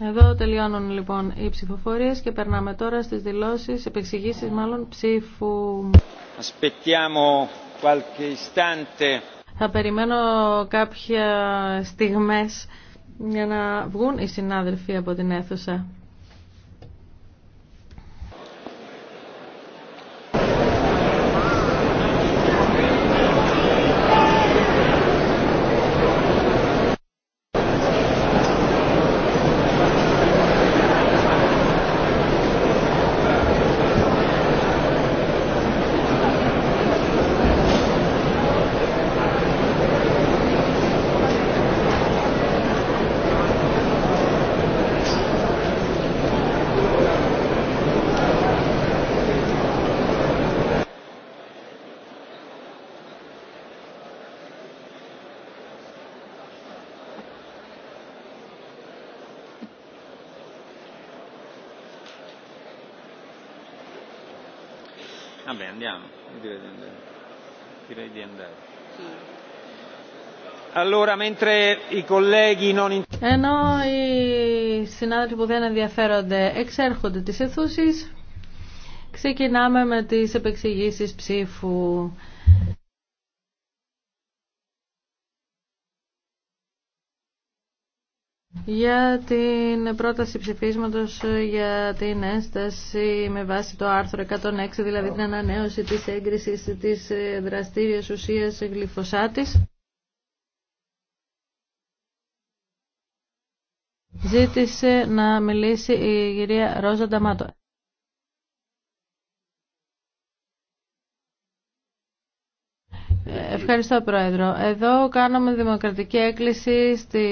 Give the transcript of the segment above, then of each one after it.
Εδώ τελειώνουν λοιπόν οι ψηφοφορίες και περνάμε τώρα στις δηλώσεις, επεξηγήσεις μάλλον ψήφου. Θα περιμένω κάποια στιγμές για να βγουν οι συνάδελφοι από την αίθουσα. Ενώ οι συνάδελφοι που δεν ενδιαφέρονται εξέρχονται τις αιθούσεις, ξεκινάμε με τις επεξηγήσεις ψήφου. για την πρόταση ψηφίσματος ε, για την ένσταση με βάση το άρθρο 106, δηλαδή την ανανέωση της έγκρισης της ε, δραστήριας ουσίας γλυφωσάτης, Ζήτησε να μιλήσει η κυρία Ρόζα Νταμάτο. Ε, ευχαριστώ Πρόεδρο. Εδώ κάναμε δημοκρατική έκκληση στη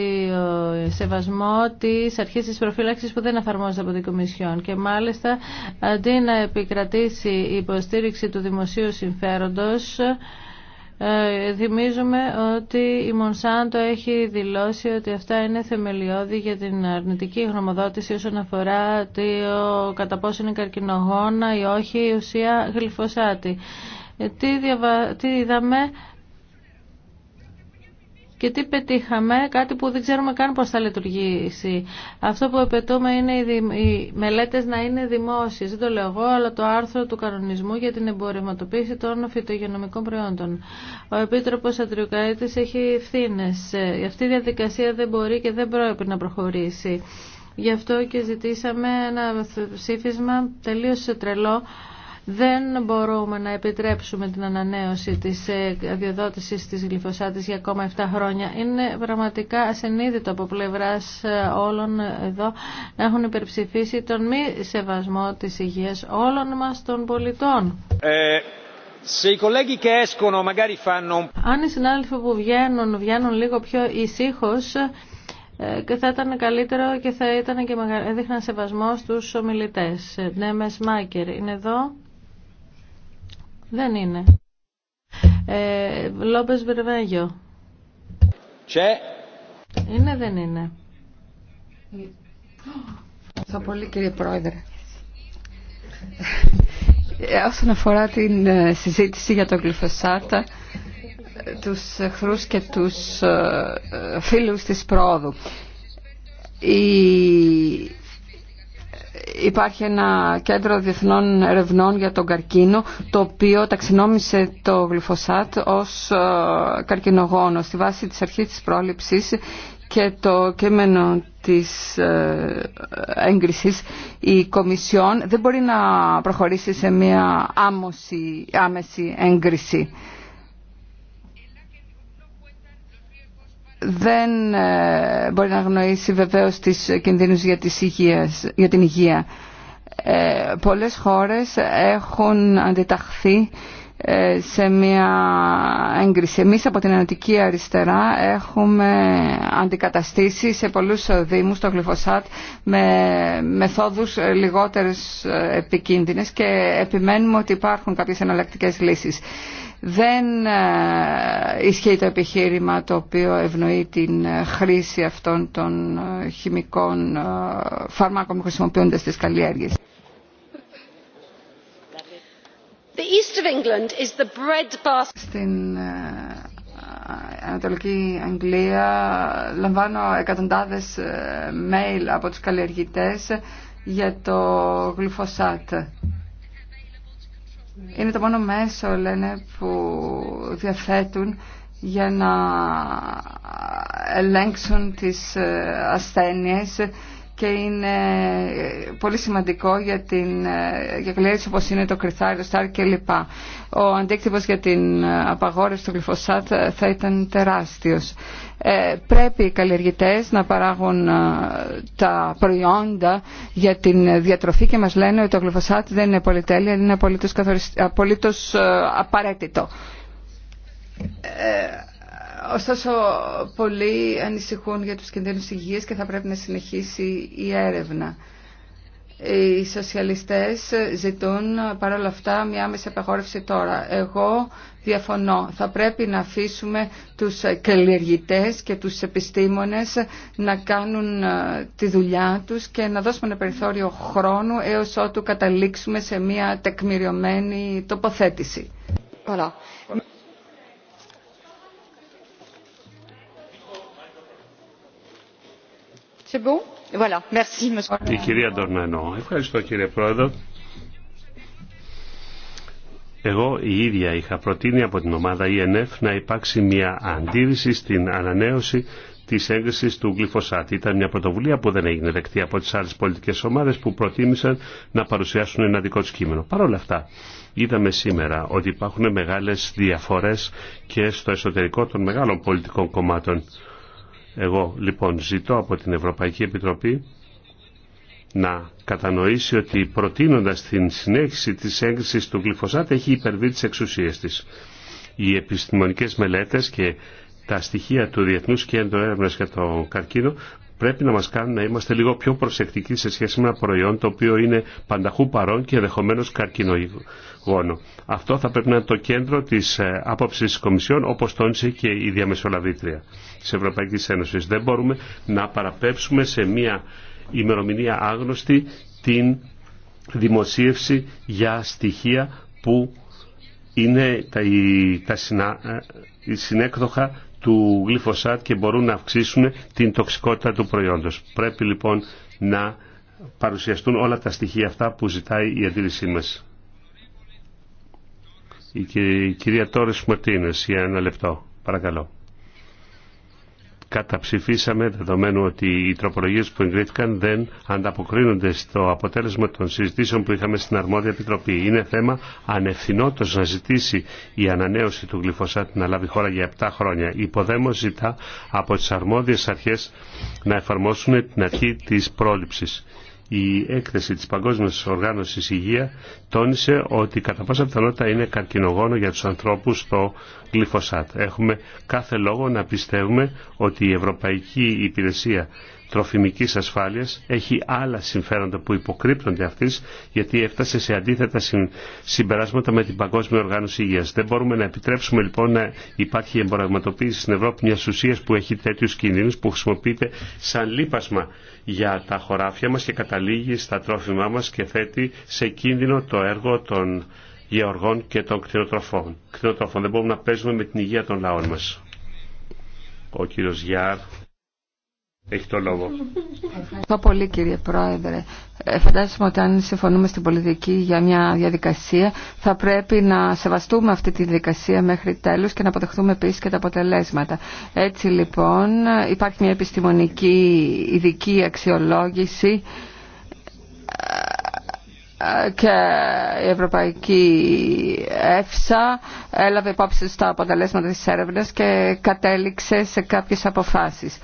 σεβασμό της αρχής της προφύλαξης που δεν εφαρμόζεται από την Κομισιόν και μάλιστα αντί να επικρατήσει η υποστήριξη του δημοσίου συμφέροντος ε, θυμίζουμε ότι η Μονσάντο έχει δηλώσει ότι αυτά είναι θεμελιώδη για την αρνητική γνωμοδότηση όσον αφορά το κατά πόσο είναι καρκινογόνα ή όχι η ουσία γλυφοσάτη τι, διαβα... τι είδαμε και τι πετύχαμε, κάτι που δεν ξέρουμε καν πώς θα λειτουργήσει. Αυτό που επαιτούμε είναι οι μελέτες να είναι δημόσιες, δεν το λέω εγώ, αλλά το άρθρο του κανονισμού για την εμπορευματοποίηση των φυτογενομικών προϊόντων. Ο Επίτροπος ατριοκαρίτης έχει ευθύνε. Ε, αυτή η διαδικασία δεν μπορεί και δεν πρέπει να προχωρήσει. Γι' αυτό και ζητήσαμε ένα ψήφισμα τελείως τρελό, δεν μπορούμε να επιτρέψουμε την ανανέωση της ε, αδειοδότησης της γλυφωσάτης για ακόμα 7 χρόνια. Είναι πραγματικά ασυνείδητο από πλευράς ε, όλων εδώ να έχουν υπερψηφίσει τον μη σεβασμό της υγείας όλων μας των πολιτών. Ε... Αν οι συνάδελφοι που βγαίνουν, βγαίνουν λίγο πιο ησύχω, ε, θα ήταν καλύτερο και θα ήταν και έδειχναν σεβασμό στους ομιλητές. Ναι, Μάκερ είναι εδώ. Δεν είναι. Λόμπε Λόπες Βερβέγιο. Τσε. Είναι, δεν είναι. Ευχαριστώ πολύ κύριε Πρόεδρε. Ε, όσον αφορά την ε, συζήτηση για τον γλυφοσάρτα, τους εχθρούς και τους ε, φίλους της πρόοδου υπάρχει ένα κέντρο διεθνών ερευνών για τον καρκίνο το οποίο ταξινόμησε το γλυφοσάτ ως ε, καρκινογόνο στη βάση της αρχής της πρόληψης και το κείμενο της ε, έγκρισης η Κομισιόν δεν μπορεί να προχωρήσει σε μια άμεση έγκριση. δεν ε, μπορεί να γνωρίσει βεβαίως τις κινδύνους για, υγείας, για την υγεία. Ε, πολλές χώρες έχουν αντιταχθεί ε, σε μια έγκριση. Εμείς από την Ενωτική Αριστερά έχουμε αντικαταστήσει σε πολλούς δήμους το γλυφοσάτ με μεθόδους λιγότερες επικίνδυνες και επιμένουμε ότι υπάρχουν κάποιες εναλλακτικές λύσεις. Δεν ε, ισχύει το επιχείρημα το οποίο ευνοεί την χρήση αυτών των ε, χημικών φαρμάκων που χρησιμοποιούνται στις καλλιέργειες. Στην ε, Ανατολική Αγγλία λαμβάνω εκατοντάδες ε, mail από τους καλλιεργητές για το γλυφοσάτ. Είναι το μόνο μέσο, λένε, που διαθέτουν για να ελέγξουν τις ε, ασθένειες και είναι πολύ σημαντικό για, την, για όπως είναι το κρυθάρι, το και κλπ. Ο αντίκτυπος για την απαγόρευση του γλυφοσάτ θα ήταν τεράστιος. Ε, πρέπει οι καλλιεργητές να παράγουν ε, τα προϊόντα για την διατροφή και μας λένε ότι το γλυφοσάτ δεν είναι πολυτέλεια, είναι απολύτως, ε, απαραίτητο. Ωστόσο, πολλοί ανησυχούν για τους κινδύνους υγείας και θα πρέπει να συνεχίσει η έρευνα. Οι σοσιαλιστές ζητούν παρόλα αυτά μια άμεση απαγόρευση τώρα. Εγώ διαφωνώ. Θα πρέπει να αφήσουμε τους καλλιεργητές και τους επιστήμονες να κάνουν ε, τη δουλειά τους και να δώσουμε ένα περιθώριο χρόνου έως ότου καταλήξουμε σε μια τεκμηριωμένη τοποθέτηση. Voilà. κυρία Ευχαριστώ κύριε Πρόεδρο. Εγώ η ίδια είχα προτείνει από την ομάδα ENF να υπάρξει μια αντίρρηση στην ανανέωση τη έγκριση του γλυφοσάτη. Ήταν μια πρωτοβουλία που δεν έγινε δεκτή από τι άλλε πολιτικέ ομάδε που προτίμησαν να παρουσιάσουν ένα δικό του κείμενο. Παρ' όλα αυτά, είδαμε σήμερα ότι υπάρχουν μεγάλε διαφορέ και στο εσωτερικό των μεγάλων πολιτικών κομμάτων. Εγώ λοιπόν ζητώ από την Ευρωπαϊκή Επιτροπή να κατανοήσει ότι προτείνοντας την συνέχιση της έγκρισης του γλυφοσάτ έχει υπερβεί τις εξουσίες της. Οι επιστημονικές μελέτες και τα στοιχεία του Διεθνούς Κέντρου Έρευνας για το Καρκίνο πρέπει να μας κάνουν να είμαστε λίγο πιο προσεκτικοί σε σχέση με ένα προϊόν το οποίο είναι πανταχού παρόν και ενδεχομένω καρκινογόνο. Αυτό θα πρέπει να είναι το κέντρο της ε, άποψης της Κομισιόν όπως τόνισε και η διαμεσολαβήτρια της Ευρωπαϊκής Ένωσης. Δεν μπορούμε να παραπέψουμε σε μια ημερομηνία άγνωστη την δημοσίευση για στοιχεία που είναι τα, τα συνά, ε, συνέκδοχα του γλυφοσάτ και μπορούν να αυξήσουν την τοξικότητα του προϊόντος. Πρέπει λοιπόν να παρουσιαστούν όλα τα στοιχεία αυτά που ζητάει η αντίληψή μας. Η κυρία Τόρες Μαρτίνες, για ένα λεπτό. Παρακαλώ καταψηφίσαμε δεδομένου ότι οι τροπολογίες που εγκρίθηκαν δεν ανταποκρίνονται στο αποτέλεσμα των συζητήσεων που είχαμε στην αρμόδια επιτροπή. Είναι θέμα ανευθυνότητα να ζητήσει η ανανέωση του γλυφοσάτη να λάβει χώρα για 7 χρόνια. Υποδέμω ζητά από τις αρμόδιες αρχές να εφαρμόσουν την αρχή της πρόληψης η έκθεση της Παγκόσμιας Οργάνωσης Υγεία τόνισε ότι κατά πάσα πιθανότητα είναι καρκινογόνο για τους ανθρώπους το γλυφοσάτ. Έχουμε κάθε λόγο να πιστεύουμε ότι η Ευρωπαϊκή Υπηρεσία τροφιμικής ασφάλειας έχει άλλα συμφέροντα που υποκρύπτονται αυτής γιατί έφτασε σε αντίθετα συμπεράσματα με την Παγκόσμια Οργάνωση Υγείας. Δεν μπορούμε να επιτρέψουμε λοιπόν να υπάρχει εμπορευματοποίηση στην Ευρώπη μιας ουσίας που έχει τέτοιους κινδύνους που χρησιμοποιείται σαν λίπασμα για τα χωράφια μας και καταλήγει στα τρόφιμά μας και θέτει σε κίνδυνο το έργο των γεωργών και των κτηνοτροφών. κτηνοτροφών. Δεν μπορούμε να παίζουμε με την υγεία των λαών μας. Ο κύριος Γιάρ. Έχει το λόγο. Ευχαριστώ πολύ κύριε Πρόεδρε. Ε, φαντάζομαι ότι αν συμφωνούμε στην πολιτική για μια διαδικασία θα πρέπει να σεβαστούμε αυτή τη διαδικασία μέχρι τέλους και να αποδεχθούμε επίσης και τα αποτελέσματα. Έτσι λοιπόν υπάρχει μια επιστημονική ειδική αξιολόγηση ε, ε, και η Ευρωπαϊκή ΕΦΣΑ έλαβε υπόψη στα αποτελέσματα της έρευνας και κατέληξε σε κάποιες αποφάσεις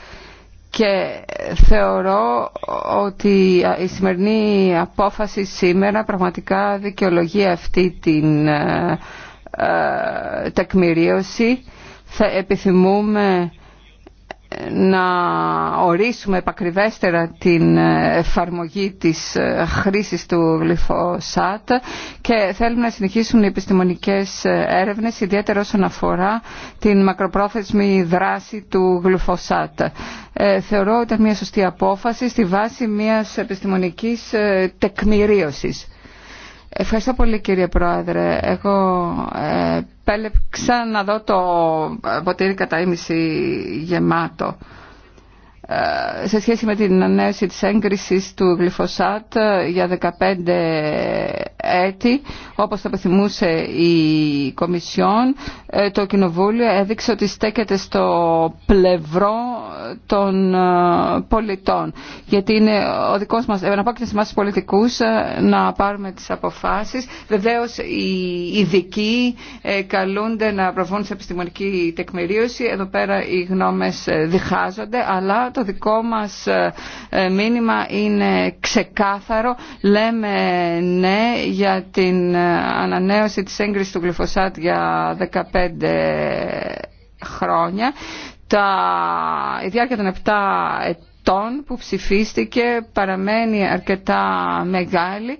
και θεωρώ ότι η σημερινή απόφαση σήμερα πραγματικά δικαιολογεί αυτή την ε, ε, τεκμηρίωση. Θα επιθυμούμε να ορίσουμε επακριβέστερα την εφαρμογή της χρήσης του γλυφοσάτ και θέλουμε να συνεχίσουν οι επιστημονικές έρευνες ιδιαίτερα όσον αφορά την μακροπρόθεσμη δράση του γλυφοσάτ. Ε, θεωρώ ότι ήταν μια σωστή απόφαση στη βάση μιας επιστημονικής ε, τεκμηρίωσης. Ευχαριστώ πολύ κύριε Πρόεδρε. Εγώ ε, επέλεξα να δω το ε, ποτήρι κατά ίμιση γεμάτο. Ε, σε σχέση με την ανέωση της έγκρισης του γλυφοσάτ ε, για 15 έτη, όπως το επιθυμούσε η Κομισιόν, ε, το Κοινοβούλιο έδειξε ότι στέκεται στο πλευρό των πολιτών. Γιατί είναι ο δικός μας, εναπόκειται σε εμάς πολιτικούς να πάρουμε τις αποφάσεις. Βεβαίως οι ειδικοί καλούνται να προβούν σε επιστημονική τεκμηρίωση. Εδώ πέρα οι γνώμες διχάζονται, αλλά το δικό μας ε, ε, μήνυμα είναι ξεκάθαρο. Λέμε ναι για την ε, ανανέωση της έγκρισης του γλυφοσάτ για 15 χρόνια. Τα, η διάρκεια των 7 ετών που ψηφίστηκε παραμένει αρκετά μεγάλη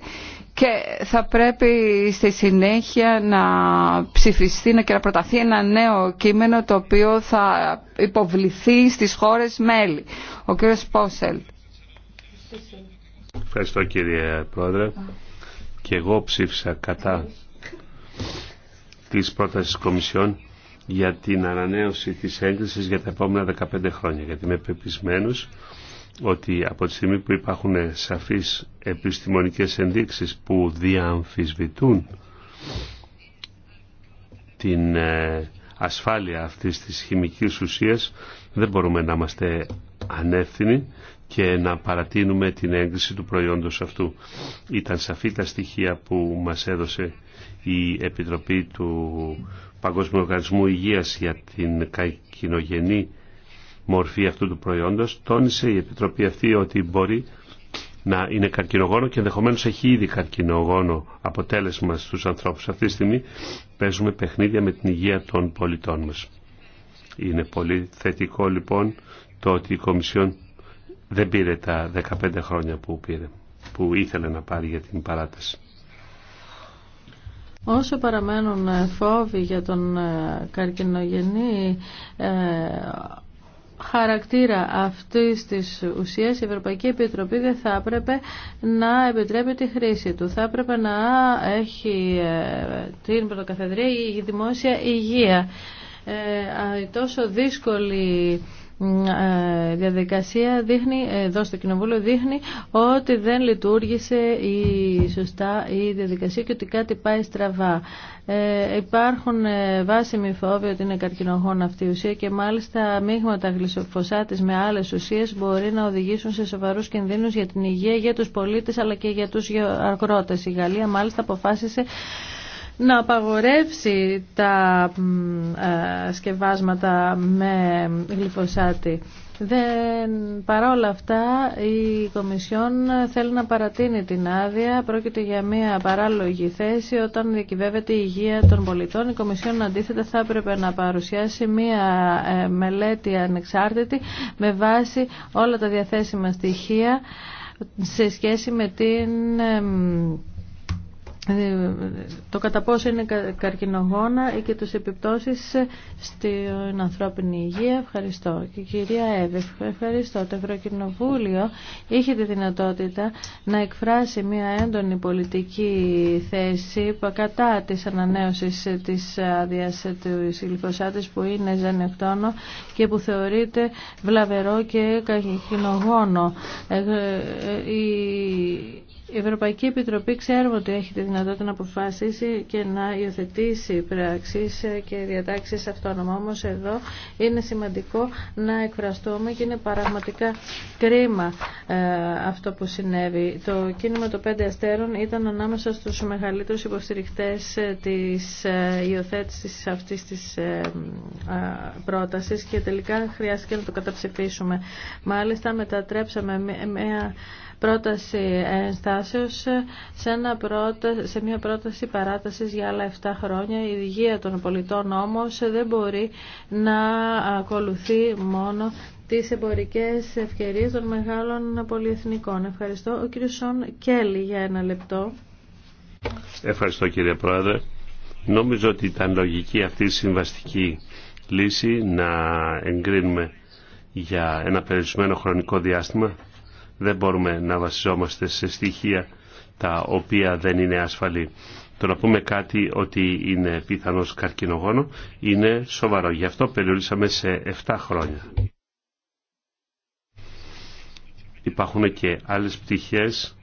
και θα πρέπει στη συνέχεια να ψηφιστεί και να προταθεί ένα νέο κείμενο το οποίο θα υποβληθεί στις χώρες μέλη. Ο κύριος Πόσελ. Ευχαριστώ κύριε Πρόεδρε. Και εγώ ψήφισα κατά της πρότασης Κομισιόν για την ανανέωση της έγκρισης για τα επόμενα 15 χρόνια. Γιατί είμαι πεπισμένος ότι από τη στιγμή που υπάρχουν σαφείς επιστημονικές ενδείξεις που διαμφισβητούν την ε, ασφάλεια αυτής της χημικής ουσίας δεν μπορούμε να είμαστε ανεύθυνοι και να παρατείνουμε την έγκριση του προϊόντος αυτού. Ήταν σαφή τα στοιχεία που μας έδωσε η Επιτροπή του Παγκόσμιου Οργανισμού Υγείας για την κακοινογενή μορφή αυτού του προϊόντος. Τόνισε η Επιτροπή αυτή ότι μπορεί να είναι καρκινογόνο και ενδεχομένω έχει ήδη καρκινογόνο αποτέλεσμα στους ανθρώπους. Αυτή τη στιγμή παίζουμε παιχνίδια με την υγεία των πολιτών μας. Είναι πολύ θετικό λοιπόν το ότι η Κομισιόν δεν πήρε τα 15 χρόνια που, πήρε, που ήθελε να πάρει για την παράταση. Όσο παραμένουν φόβοι για τον ε, καρκινογενή ε, χαρακτήρα αυτής της ουσίας η Ευρωπαϊκή Επιτροπή δεν θα έπρεπε να επιτρέπει τη χρήση του. Θα έπρεπε να έχει ε, την πρωτοκαθεδρία η δημόσια υγεία. Ε, τόσο δύσκολη ε, διαδικασία δείχνει, εδώ στο Κοινοβούλιο δείχνει ότι δεν λειτουργήσε η, σωστά η διαδικασία και ότι κάτι πάει στραβά. Ε, υπάρχουν ε, βάσιμοι φόβοι ότι είναι καρκινογόνα αυτή η ουσία και μάλιστα μείγματα γλυσοφωσάτης με άλλες ουσίες μπορεί να οδηγήσουν σε σοβαρούς κινδύνους για την υγεία, για τους πολίτες αλλά και για τους αγρότες. Η Γαλλία μάλιστα αποφάσισε να απαγορεύσει τα ε, σκευάσματα με γλυφοσάτη. Δεν, παρόλα αυτά η Κομισιόν θέλει να παρατείνει την άδεια. Πρόκειται για μια παράλογη θέση όταν διακυβεύεται η υγεία των πολιτών. Η Κομισιόν αντίθετα θα έπρεπε να παρουσιάσει μια ε, μελέτη ανεξάρτητη με βάση όλα τα διαθέσιμα στοιχεία σε σχέση με την ε, ε, το κατά πόσο είναι καρκινογόνα και τους επιπτώσεις στην ανθρώπινη υγεία. Ευχαριστώ. Και κυρία Εύη, ευχαριστώ. Το Ευρωκοινοβούλιο είχε τη δυνατότητα να εκφράσει μια έντονη πολιτική θέση κατά της ανανέωσης της άδεια του γλυφοσάτης που είναι ζανεκτόνο και που θεωρείται βλαβερό και καρκινογόνο. Ε, ε, η Ευρωπαϊκή Επιτροπή ξέρουμε ότι έχει τη δυνατότητα να αποφασίσει και να υιοθετήσει πράξεις και διατάξεις αυτόνομα. Όμως εδώ είναι σημαντικό να εκφραστούμε και είναι πραγματικά κρίμα ε, αυτό που συνέβη. Το κίνημα των πέντε αστέρων ήταν ανάμεσα στους μεγαλύτερους υποστηριχτές ε, της ε, υιοθέτησης αυτής της πρότασης και τελικά χρειάστηκε να το καταψηφίσουμε. Μάλιστα μετατρέψαμε μια πρόταση ενστάσεως σε, μια πρόταση παράτασης για άλλα 7 χρόνια. Η υγεία των πολιτών όμως δεν μπορεί να ακολουθεί μόνο τις εμπορικές ευκαιρίες των μεγάλων πολυεθνικών. Ευχαριστώ. Ο κ. Σον Κέλλη για ένα λεπτό. Ευχαριστώ κύριε Πρόεδρε. Νομίζω ότι ήταν λογική αυτή η συμβαστική λύση να εγκρίνουμε για ένα περιορισμένο χρονικό διάστημα. Δεν μπορούμε να βασιζόμαστε σε στοιχεία τα οποία δεν είναι ασφαλή. Το να πούμε κάτι ότι είναι πιθανός καρκινογόνο είναι σοβαρό. Γι' αυτό περιορίσαμε σε 7 χρόνια. Υπάρχουν και άλλες πτυχές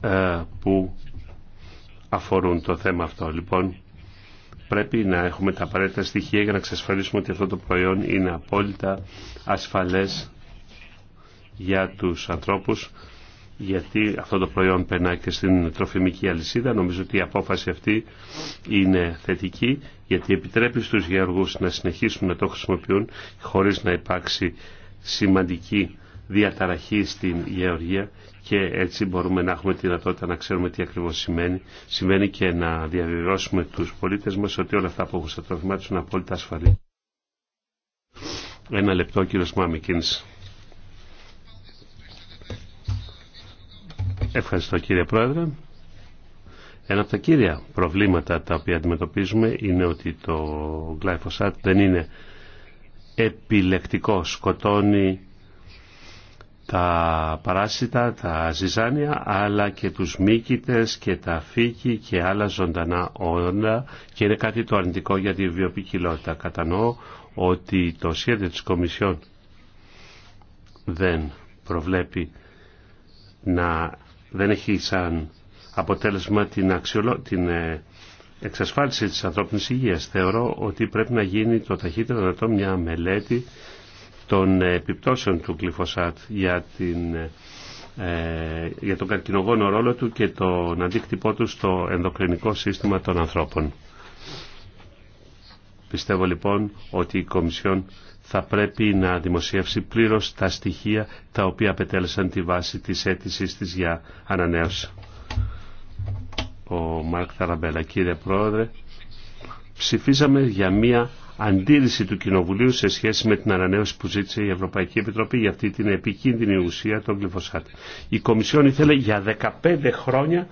ε, που αφορούν το θέμα αυτό. Λοιπόν, πρέπει να έχουμε τα απαραίτητα στοιχεία για να εξασφαλίσουμε ότι αυτό το προϊόν είναι απόλυτα ασφαλές για τους ανθρώπους γιατί αυτό το προϊόν περνάει και στην τροφιμική αλυσίδα. Νομίζω ότι η απόφαση αυτή είναι θετική γιατί επιτρέπει στους γεωργούς να συνεχίσουν να το χρησιμοποιούν χωρίς να υπάρξει σημαντική διαταραχή στην γεωργία και έτσι μπορούμε να έχουμε τη δυνατότητα να ξέρουμε τι ακριβώς σημαίνει, σημαίνει και να διαβιβλώσουμε τους πολίτες μας ότι όλα αυτά που έχουν στα τρόφιμά τους είναι απόλυτα ασφαλή. Ένα λεπτό κύριο Μάμικινς. Ευχαριστώ κύριε Πρόεδρε. Ένα από τα κύρια προβλήματα τα οποία αντιμετωπίζουμε είναι ότι το glyphosate δεν είναι επιλεκτικό σκοτώνει τα παράσιτα, τα ζυζάνια, αλλά και τους μύκητες και τα φύκη και άλλα ζωντανά όντα και είναι κάτι το αρνητικό για τη βιοποικιλότητα. Κατανοώ ότι το σχέδιο της Κομισιόν δεν προβλέπει να δεν έχει σαν αποτέλεσμα την, την ε, εξασφάλιση της ανθρώπινης υγείας. Θεωρώ ότι πρέπει να γίνει το ταχύτερο δυνατό μια μελέτη των ε, επιπτώσεων του γλυφοσάτ για, ε, για τον καρκινογόνο ρόλο του και τον αντίκτυπό του στο ενδοκρινικό σύστημα των ανθρώπων. Πιστεύω λοιπόν ότι η Κομισιόν θα πρέπει να δημοσιεύσει πλήρως τα στοιχεία τα οποία πετέλεσαν τη βάση της αίτησης της για ανανέωση. Ο Μάρκ Θαραμπέλα, κύριε Πρόεδρε, ψηφίσαμε για μία αντίρρηση του Κοινοβουλίου σε σχέση με την ανανέωση που ζήτησε η Ευρωπαϊκή Επιτροπή για αυτή την επικίνδυνη ουσία των γλυφοσάτ. Η Κομισιόν ήθελε για 15 χρόνια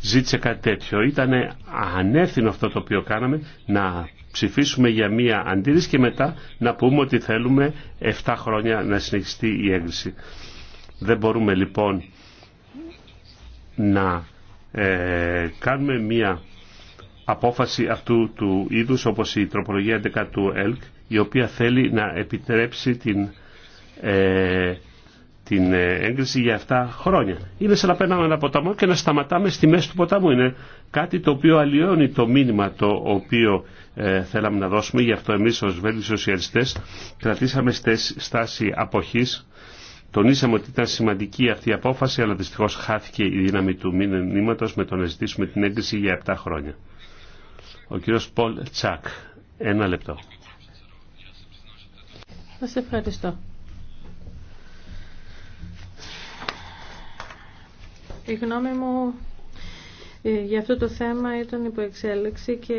ζήτησε κάτι τέτοιο. Ήταν ανεύθυνο αυτό το οποίο κάναμε να ψηφίσουμε για μία αντίρρηση και μετά να πούμε ότι θέλουμε 7 χρόνια να συνεχιστεί η έγκριση. Δεν μπορούμε λοιπόν να ε, κάνουμε μία απόφαση αυτού του είδους όπως η τροπολογία 11 του ΕΛΚ η οποία θέλει να επιτρέψει την, ε, την ε, έγκριση για 7 χρόνια. Είναι σαν να παίρναμε ένα ποταμό και να σταματάμε στη μέση του ποταμού. Είναι κάτι το οποίο αλλοιώνει το μήνυμα το οποίο ε, θέλαμε να δώσουμε. Γι' αυτό εμείς ως Βέλγοι Σοσιαλιστές κρατήσαμε στάση αποχής. Τονίσαμε ότι ήταν σημαντική αυτή η απόφαση, αλλά δυστυχώς χάθηκε η δύναμη του μηνύματος με το να ζητήσουμε την έγκριση για 7 χρόνια. Ο κύριος Πολ Τσακ. Ένα λεπτό. Σας ευχαριστώ. Η γνώμη μου ε, για αυτό το θέμα ήταν υποεξέλιξη και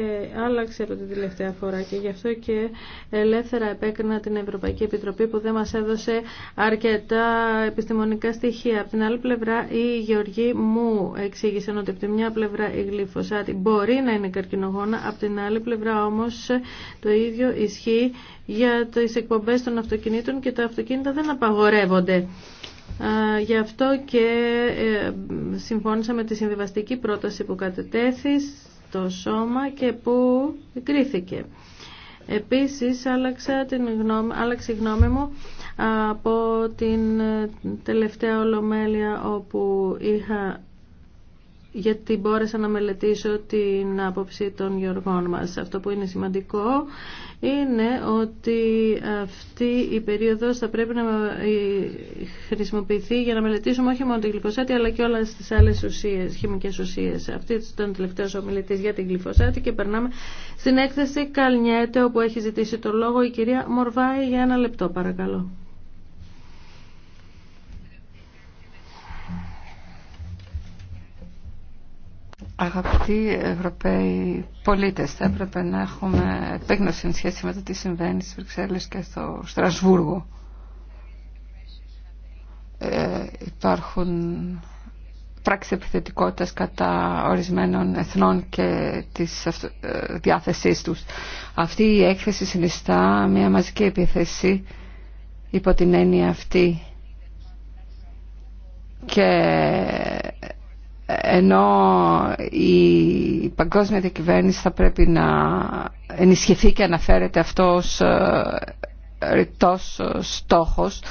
άλλαξε από την τελευταία φορά και γι' αυτό και ελεύθερα επέκρινα την Ευρωπαϊκή Επιτροπή που δεν μας έδωσε αρκετά επιστημονικά στοιχεία. Από την άλλη πλευρά η Γεωργή μου εξήγησε ότι από τη μια πλευρά η γλυφοσάτη μπορεί να είναι καρκινογόνα, από την άλλη πλευρά όμως το ίδιο ισχύει για τις εκπομπές των αυτοκινήτων και τα αυτοκίνητα δεν απαγορεύονται. Γι' αυτό και ε, συμφώνησα με τη συμβιβαστική πρόταση που κατετέθη στο σώμα και που κρίθηκε. Επίσης άλλαξα την γνώμη, άλλαξε η γνώμη μου από την ε, τελευταία ολομέλεια όπου είχα γιατί μπόρεσα να μελετήσω την άποψη των γεωργών μας. Αυτό που είναι σημαντικό είναι ότι αυτή η περίοδος θα πρέπει να ε, χρησιμοποιηθεί για να μελετήσουμε όχι μόνο την γλυφοσάτη αλλά και όλες τις άλλες ουσίες, χημικές ουσίες. Αυτή ήταν τελευταίος ο για την γλυφοσάτη και περνάμε στην έκθεση Καλνιέτε όπου έχει ζητήσει το λόγο η κυρία Μορβάη για ένα λεπτό παρακαλώ. Αγαπητοί Ευρωπαίοι πολίτες, θα έπρεπε να έχουμε επέγνωση σχέση με το τι συμβαίνει στις Βρυξέλλες και στο Στρασβούργο. Ε, υπάρχουν πράξεις επιθετικότητας κατά ορισμένων εθνών και της ε, διάθεσής τους. Αυτή η έκθεση συνιστά μια μαζική επίθεση υπό την έννοια αυτή και ενώ η παγκόσμια διακυβέρνηση θα πρέπει να ενισχυθεί και αναφέρεται αυτός ε, ρητός ε, στόχος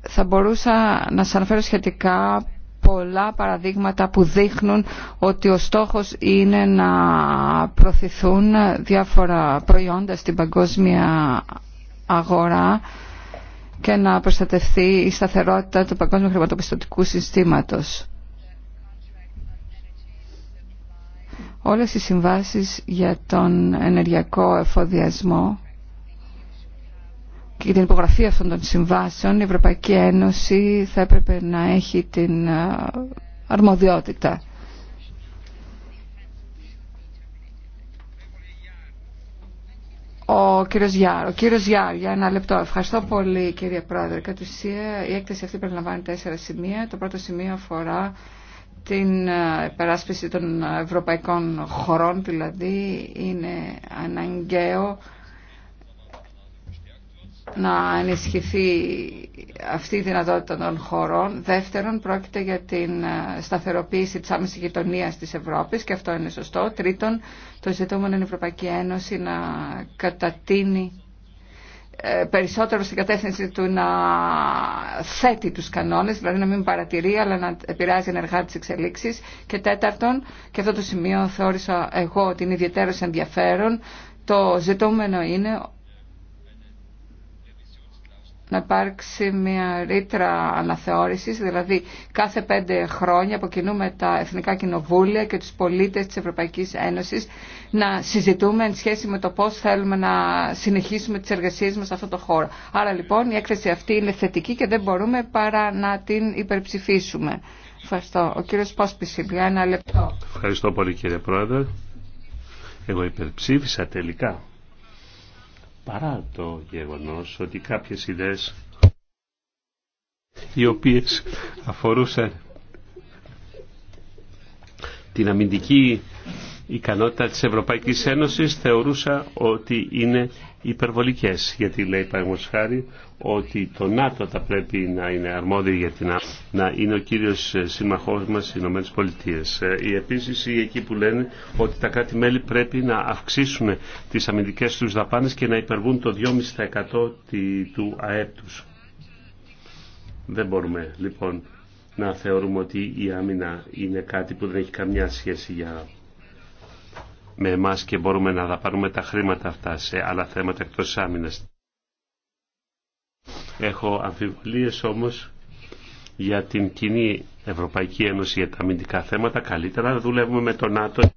θα μπορούσα να σας αναφέρω σχετικά πολλά παραδείγματα που δείχνουν ότι ο στόχος είναι να προωθηθούν διάφορα προϊόντα στην παγκόσμια αγορά και να προστατευτεί η σταθερότητα του παγκόσμιου χρηματοπιστωτικού συστήματος. όλες οι συμβάσεις για τον ενεργειακό εφοδιασμό και την υπογραφή αυτών των συμβάσεων η Ευρωπαϊκή Ένωση θα έπρεπε να έχει την ε, αρμοδιότητα. Ο κύριος Γιάρ, κύριος Γιάρ, για ένα λεπτό. Ευχαριστώ πολύ κύριε Πρόεδρε. Κατ' ουσία η έκθεση αυτή περιλαμβάνει τέσσερα σημεία. Το πρώτο σημείο αφορά την ε, περάσπιση των ευρωπαϊκών χωρών δηλαδή είναι αναγκαίο να ενισχυθεί αυτή η δυνατότητα των χωρών. Δεύτερον, πρόκειται για την ε, σταθεροποίηση της άμεσης γειτονία της Ευρώπης και αυτό είναι σωστό. Τρίτον, το ζητούμενο είναι η Ευρωπαϊκή Ένωση να κατατείνει ε, περισσότερο στην κατεύθυνση του να θέτει τους κανόνες, δηλαδή να μην παρατηρεί αλλά να επηρεάζει ενεργά τις εξελίξεις. Και τέταρτον, και αυτό το σημείο θεώρησα εγώ ότι είναι ιδιαίτερο ενδιαφέρον, το ζητούμενο είναι να υπάρξει μια ρήτρα αναθεώρησης, δηλαδή κάθε πέντε χρόνια αποκινούμε τα Εθνικά Κοινοβούλια και τους πολίτες της Ευρωπαϊκής Ένωσης να συζητούμε εν σχέση με το πώς θέλουμε να συνεχίσουμε τις εργασίες μας σε αυτό το χώρο. Άρα λοιπόν η έκθεση αυτή είναι θετική και δεν μπορούμε παρά να την υπερψηφίσουμε. Ευχαριστώ. Ο κύριος Πόσπιση, για ένα λεπτό. Ευχαριστώ πολύ κύριε Πρόεδρε. Εγώ υπερψήφισα τελικά παρά το γεγονός ότι κάποιες ιδέες οι οποίες αφορούσαν την αμυντική ικανότητα της Ευρωπαϊκής Ένωσης θεωρούσα ότι είναι υπερβολικές γιατί λέει παραγωγός χάρη ότι το ΝΑΤΟ θα πρέπει να είναι αρμόδιο για την να είναι ο κύριος ε, σύμμαχός μας στις Ηνωμένες Πολιτείες. Ε, οι επίσης οι εκεί που λένε ότι τα κράτη-μέλη πρέπει να αυξήσουν τις αμυντικές τους δαπάνες και να υπερβούν το 2,5% του ΑΕΠ τους. Δεν μπορούμε λοιπόν να θεωρούμε ότι η άμυνα είναι κάτι που δεν έχει καμιά σχέση για με εμάς και μπορούμε να δαπάνουμε τα χρήματα αυτά σε άλλα θέματα εκτός άμυνας. Έχω αμφιβολίες όμως για την κοινή Ευρωπαϊκή Ένωση για τα αμυντικά θέματα. Καλύτερα να δουλεύουμε με τον ΝΑΤΟ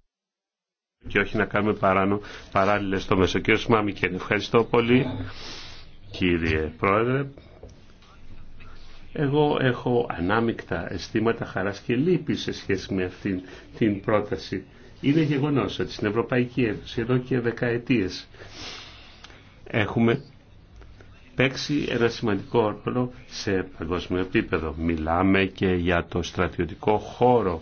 και όχι να κάνουμε παράνο, παράλληλες στο Μεσοκύριο και Ευχαριστώ πολύ κύριε Πρόεδρε. Εγώ έχω ανάμεικτα αισθήματα χαράς και λύπης σε σχέση με αυτήν την πρόταση. Είναι γεγονός ότι στην Ευρωπαϊκή Ένωση εδώ και δεκαετίες έχουμε παίξει ένα σημαντικό όρπλο σε παγκόσμιο επίπεδο. Μιλάμε και για το στρατιωτικό χώρο.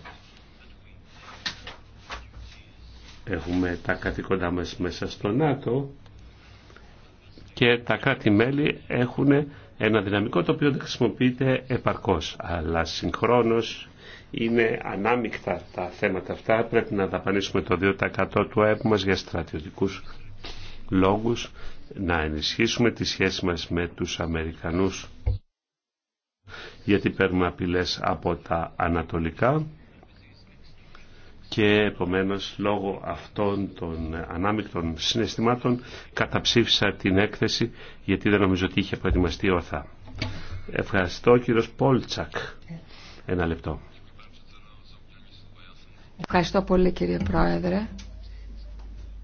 Έχουμε τα καθήκοντά μας μέσα στο ΝΑΤΟ και τα κράτη-μέλη έχουν ένα δυναμικό το οποίο δεν χρησιμοποιείται επαρκώς, αλλά συγχρόνως είναι ανάμεικτα τα θέματα αυτά. Πρέπει να δαπανίσουμε το 2% του ΑΕΠ μας για στρατιωτικούς λόγους να ενισχύσουμε τη σχέση μας με τους Αμερικανούς γιατί παίρνουμε απειλέ από τα ανατολικά και επομένως λόγω αυτών των ανάμεικτων συναισθημάτων καταψήφισα την έκθεση γιατί δεν νομίζω ότι είχε προετοιμαστεί όρθα. Ευχαριστώ κύριος Πόλτσακ. Ένα λεπτό. Ευχαριστώ πολύ κύριε Πρόεδρε.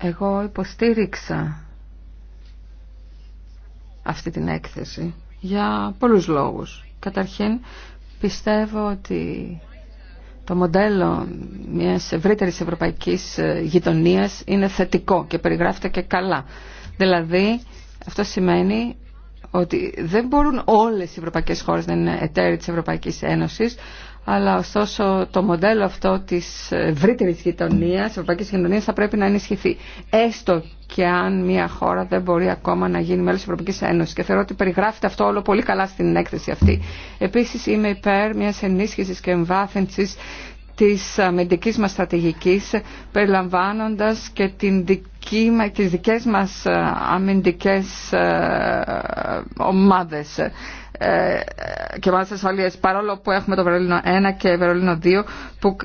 Εγώ υποστήριξα αυτή την έκθεση για πολλούς λόγους. Καταρχήν πιστεύω ότι το μοντέλο μιας ευρύτερης ευρωπαϊκής ε, γειτονίας είναι θετικό και περιγράφεται και καλά. Δηλαδή αυτό σημαίνει ότι δεν μπορούν όλες οι ευρωπαϊκές χώρες να είναι εταίροι της Ευρωπαϊκής Ένωσης, αλλά ωστόσο το μοντέλο αυτό της ευρύτερη γειτονία, της ευρωπαϊκής θα πρέπει να ενισχυθεί. Έστω και αν μια χώρα δεν μπορεί ακόμα να γίνει μέλος της Ευρωπαϊκής Ένωσης και θεωρώ ότι περιγράφεται αυτό όλο πολύ καλά στην έκθεση αυτή. Επίσης είμαι υπέρ μιας ενίσχυσης και εμβάθυνσης της αμυντικής μας στρατηγικής περιλαμβάνοντας και την δικτύωση δική, τις δικές μας ε, αμυντικές ε, ομάδες ε, και ομάδες ασφαλείες παρόλο που έχουμε το Βερολίνο 1 και Βερολίνο 2 που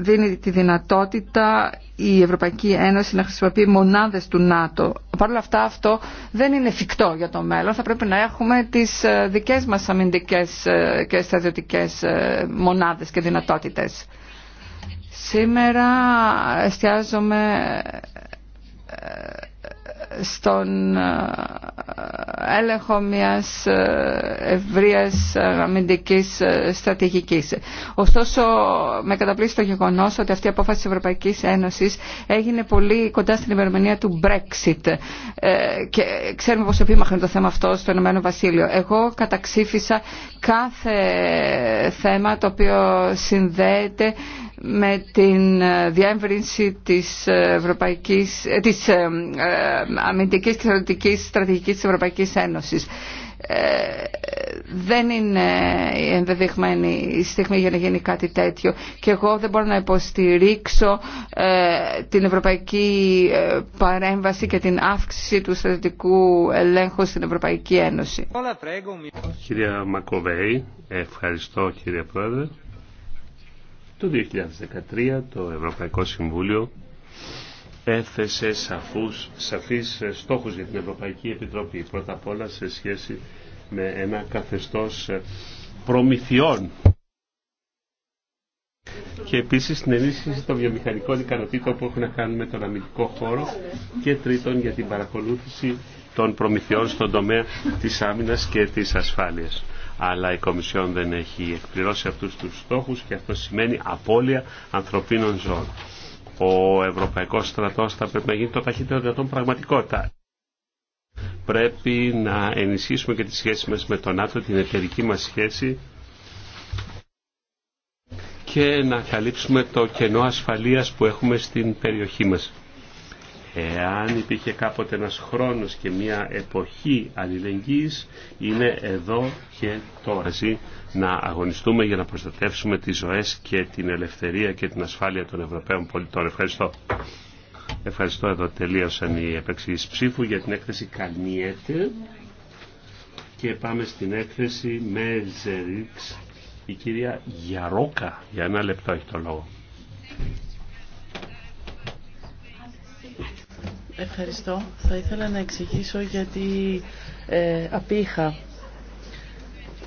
δίνει τη δυνατότητα η Ευρωπαϊκή Ένωση να χρησιμοποιεί μονάδες του ΝΑΤΟ. Παρ' όλα αυτά αυτό δεν είναι εφικτό για το μέλλον. Θα πρέπει να έχουμε τις δικές μας αμυντικές και στρατιωτικές μονάδες και δυνατότητες. Σήμερα εστιάζομαι ε, στον ε, έλεγχο μιας ε, ευρείας αμυντικής ε, στρατηγικής. Ωστόσο, με καταπλήσει το γεγονός ότι αυτή η απόφαση της Ευρωπαϊκής Ένωσης έγινε πολύ κοντά στην ημερομηνία του Brexit και ξέρουμε πως επίμαχνε το θέμα αυτό στο Ηνωμένο Βασίλειο. Εγώ καταξήφισα κάθε θέμα το οποίο συνδέεται με την διεύρυνση της, ευρωπαϊκής, της αμυντικής και στρατηγικής στρατηγικής της Ευρωπαϊκής Ένωσης. Ε, δεν είναι ενδεδειγμένη η στιγμή για να γίνει κάτι τέτοιο και εγώ δεν μπορώ να υποστηρίξω ε, την ευρωπαϊκή ε, παρέμβαση και την αύξηση του στρατιωτικού ελέγχου στην Ευρωπαϊκή Ένωση. Κυρία Μακοβέη, ευχαριστώ κύριε Πρόεδρε. Το 2013 το Ευρωπαϊκό Συμβούλιο έθεσε σαφούς, σαφείς στόχους για την Ευρωπαϊκή Επιτροπή. Πρώτα απ' όλα σε σχέση με ένα καθεστώς προμηθειών και επίσης την ενίσχυση των βιομηχανικών ικανοτήτων που έχουν να κάνουν με τον αμυντικό χώρο και τρίτον για την παρακολούθηση των προμηθειών στον τομέα της άμυνας και της ασφάλειας. Αλλά η Κομισιόν δεν έχει εκπληρώσει αυτούς τους στόχους και αυτό σημαίνει απώλεια ανθρωπίνων ζώων ο Ευρωπαϊκός στρατός θα πρέπει να γίνει το ταχύτερο δυνατόν πραγματικότητα. Πρέπει να ενισχύσουμε και τις σχέσεις μας με τον ΝΑΤΟ, την εταιρική μας σχέση και να καλύψουμε το κενό ασφαλείας που έχουμε στην περιοχή μας. Εάν υπήρχε κάποτε ένας χρόνος και μια εποχή αλληλεγγύης, είναι εδώ και τώρα να αγωνιστούμε για να προστατεύσουμε τις ζωές και την ελευθερία και την ασφάλεια των Ευρωπαίων πολιτών. Ευχαριστώ. Ευχαριστώ. Εδώ τελείωσαν οι επεξηγήσεις ψήφου για την έκθεση Καλνιέτερ και πάμε στην έκθεση Μέζεριξ. Η κυρία Γιαρόκα για ένα λεπτό έχει το λόγο. Ευχαριστώ. Θα ήθελα να εξηγήσω γιατί ε, απήχα